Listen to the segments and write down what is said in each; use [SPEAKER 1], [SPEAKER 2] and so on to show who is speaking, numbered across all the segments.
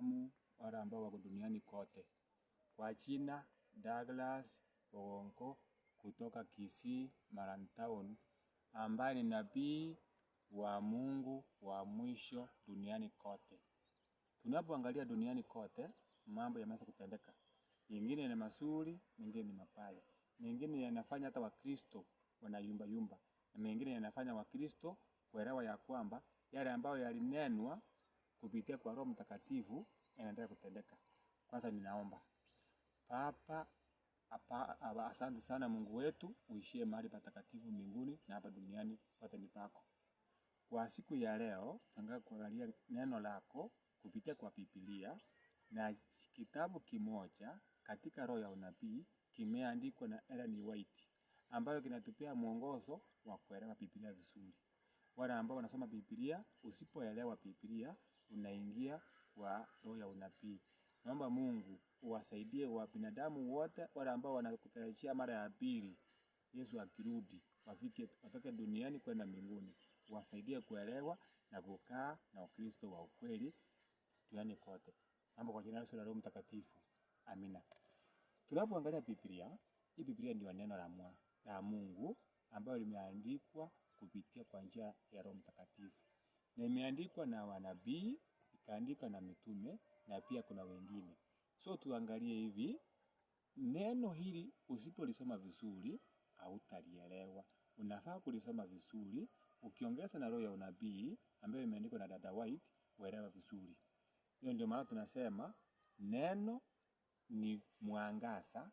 [SPEAKER 1] tunawafahamu wale ambao wako duniani kote. Kwa jina Douglas Ongo kutoka Kisii Marand Town, ambaye ni nabii wa Mungu wa mwisho duniani kote. Tunapoangalia duniani kote, mambo yameanza kutendeka. Mengine ni mazuri, mengine ni mabaya, mengine yanafanya hata Wakristo wanayumba yumba, na mengine yanafanya Wakristo kuelewa ya kwamba yale ambayo yalinenwa kupitia kwa Roho Mtakatifu yanaendelea kutendeka. Kwanza ninaomba Papa apa, asante sana Mungu wetu, uishie mahali patakatifu mbinguni na hapa duniani pote ni pako. Kwa siku ya leo tunataka kuangalia neno lako kupitia kwa Biblia na kitabu kimoja katika roho ya unabii kimeandikwa na Ellen White ambayo kinatupea mwongozo wa kuelewa Biblia vizuri. Wale ambao wanasoma Biblia, usipoelewa Biblia unaingia kwa roho ya unabii. Naomba Mungu uwasaidie wa binadamu wote wale ambao wanakutarajia mara ya pili Yesu akirudi, wafike watoke duniani kwenda mbinguni. Uwasaidie kuelewa na kukaa na Ukristo wa ukweli duniani kote. Naomba kwa jina la Yesu na Roho Mtakatifu. Amina. Tunapoangalia Biblia, hii Biblia ndio neno la Mungu, la Mungu ambayo limeandikwa kupitia kwa njia ya Roho Mtakatifu na imeandikwa na wanabii ikaandikwa na mitume na pia kuna wengine. So tuangalie hivi, neno hili usipolisoma vizuri hautalielewa. Unafaa kulisoma vizuri, ukiongeza na roho ya unabii ambayo imeandikwa na dada White, uelewa vizuri. Hiyo ndio maana tunasema neno ni mwangaza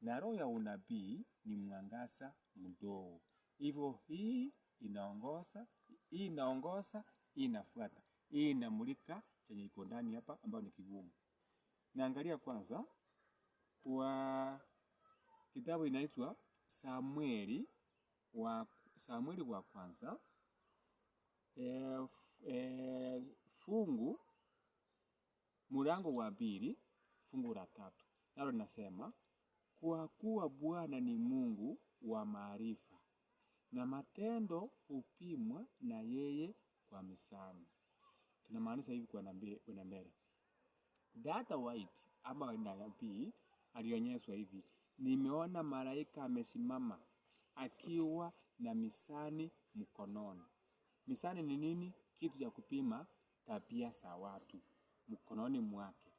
[SPEAKER 1] na roho ya unabii ni mwangaza mdogo. Hivyo hii inaongoza, hii inaongoza hii inafuata, hii inamulika chenye iko ndani hapa, ambayo ni kigumu. Naangalia kwanza wa kitabu inaitwa Samueli wa, Samueli wa kwanza e, e, fungu mulango wa pili fungu la tatu nalo linasema kwa kuwa Bwana ni Mungu wa maarifa na matendo hupimwa na yeye kwa mizani. Tunamaanisha hivi kwenda mbele. Data White ama nabii alionyeshwa hivi, nimeona malaika amesimama akiwa na misani mkononi. misani ni nini? Kitu cha kupima tabia za watu mkononi mwake,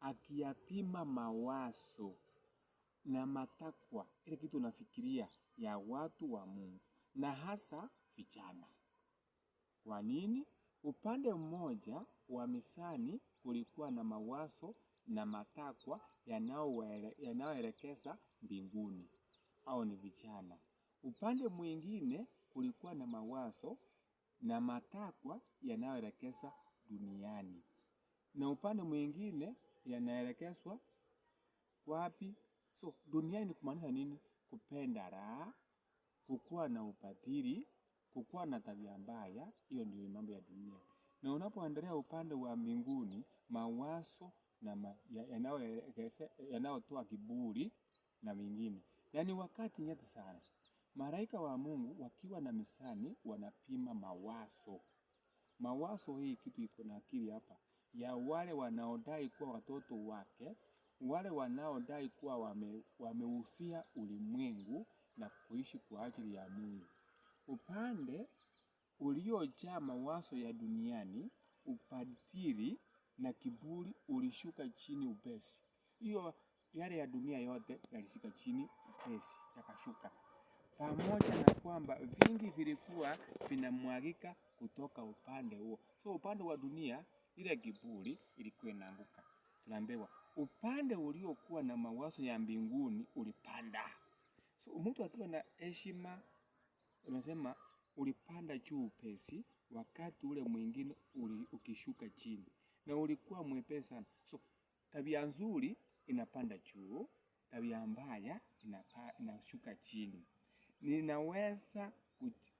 [SPEAKER 1] akiyapima mawazo na matakwa, ile kitu unafikiria ya watu wa Mungu na hasa vijana. Kwa nini? Upande mmoja wa misani kulikuwa na mawazo na matakwa yanayoelekeza mbinguni au ni vijana. Upande mwingine kulikuwa na mawazo na matakwa yanayoelekeza duniani, na upande mwingine yanaelekezwa wapi? So duniani kumaanisha nini? Kupenda raha, kukuwa na ubatili kukuwa na tabia mbaya, hiyo ndio mambo ya dunia. Na unapoendelea upande wa mbinguni, mawazo na yanayotoa kiburi na mingine, na wakati nyeti sana. Malaika wa Mungu wakiwa na misani wanapima mawazo. Mawazo hii kitu iko na akili hapa ya wale wanaodai kuwa watoto wake, wale wanaodai kuwa wameufia ulimwengu na kuishi kwa ajili ya Mungu upande uliojaa mawazo ya duniani, upadili na kiburi ulishuka chini upesi. Hiyo yale ya dunia yote yalishuka chini upesi, yakashuka pamoja na kwamba vingi vilikuwa vinamwagika kutoka upande huo. So upande wa dunia ile kiburi ilikuwa inaanguka. Tunaambiwa upande uliokuwa na mawazo ya mbinguni ulipanda. So mtu akiwa na heshima Anasema ulipanda juu upesi, wakati ule mwingine uli, ukishuka chini, na ulikuwa mwepesi sana. So tabia nzuri inapanda juu, tabia mbaya inashuka chini. Ninaweza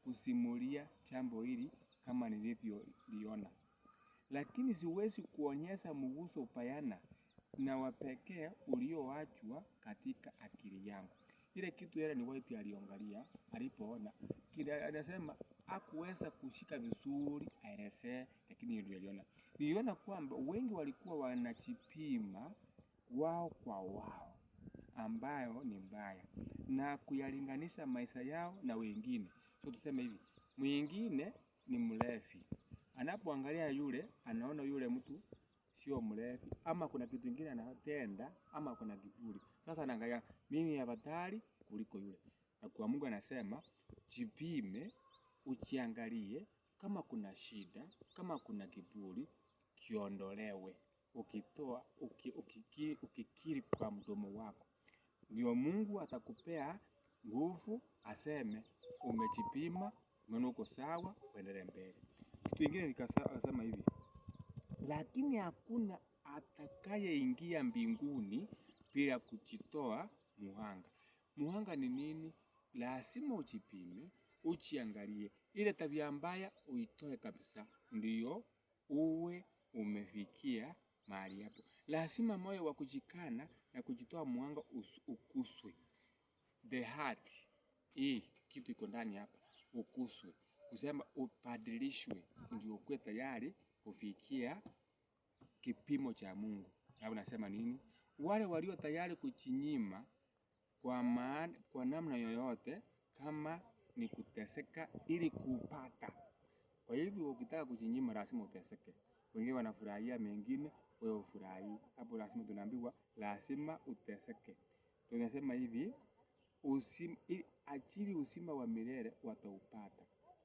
[SPEAKER 1] kusimulia jambo hili kama nilivyoliona, lakini siwezi kuonyesha mguso bayana na wapekee ulioachwa katika akili yangu. Ile kitu yale ni White aliangalia alipoona kile, anasema hakuweza kushika vizuri aelezee, lakini ndio aliona, niliona kwamba wengi walikuwa wanachipima wao kwa wao, ambayo ni mbaya na kuyalinganisha maisha yao na wengine. So tuseme hivi, mwingine ni mlevi, anapoangalia yule, anaona yule mtu sio mlevi, ama kuna kitu kingine anatenda, ama kuna kiburi. Sasa naangalia mimi afadhali kuliko yule, na kwa Mungu anasema jipime, uchiangalie kama kuna shida, kama kuna kiburi kiondolewe, ukitoa uki, ukikiri, ukikiri kwa mdomo wako, ndio Mungu atakupea nguvu, aseme umejipima, mwenuko sawa, uendelee mbele. Kitu kingine nikasema hivi lakini hakuna atakayeingia mbinguni bila kujitoa muhanga. Muhanga ni nini? Lazima ujipime, uchiangalie ile tabia mbaya uitoe kabisa, ndiyo uwe umefikia mahali hapo. Lazima moyo wa kujikana na kujitoa muhanga ukuswe, the heart hii kitu iko ndani hapa ukuswe, kusema ubadilishwe, ndio ukuwe tayari kufikia kipimo cha Mungu. Hapo nasema nini? Wale walio tayari kuchinyima kwa maana, kwa namna yoyote kama ni kuteseka ili kupata. Kwa hivyo ukitaka kuchinyima lazima uteseke. Wengine wanafurahia mengine, wewe ufurahi. Hapo lazima tunaambiwa lazima uteseke. Tunasema hivi, usim, ajili usima wa milele wataupata.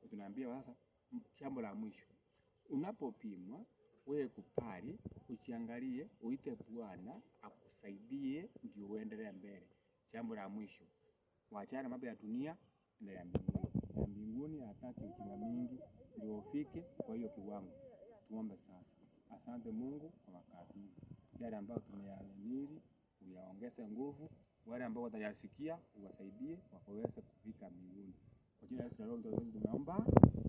[SPEAKER 1] Tunaambia sasa jambo la mwisho Unapopimwa wewe kupali, uchiangalie, uite Bwana akusaidie ndio uendelee mbele. Jambo la mwisho, wachana mambo ya dunia na ya mbinguni. Na mbinguni hataki ujinga mingi ndio ufike kwa hiyo kiwango. Tuombe sasa. Asante Mungu kwa wakati huu, yale ambayo tumeyanili uyaongeze nguvu, wale ambao watayasikia uwasaidie wakaweze kufika mbinguni. Kwa jina la Yesu tunaomba.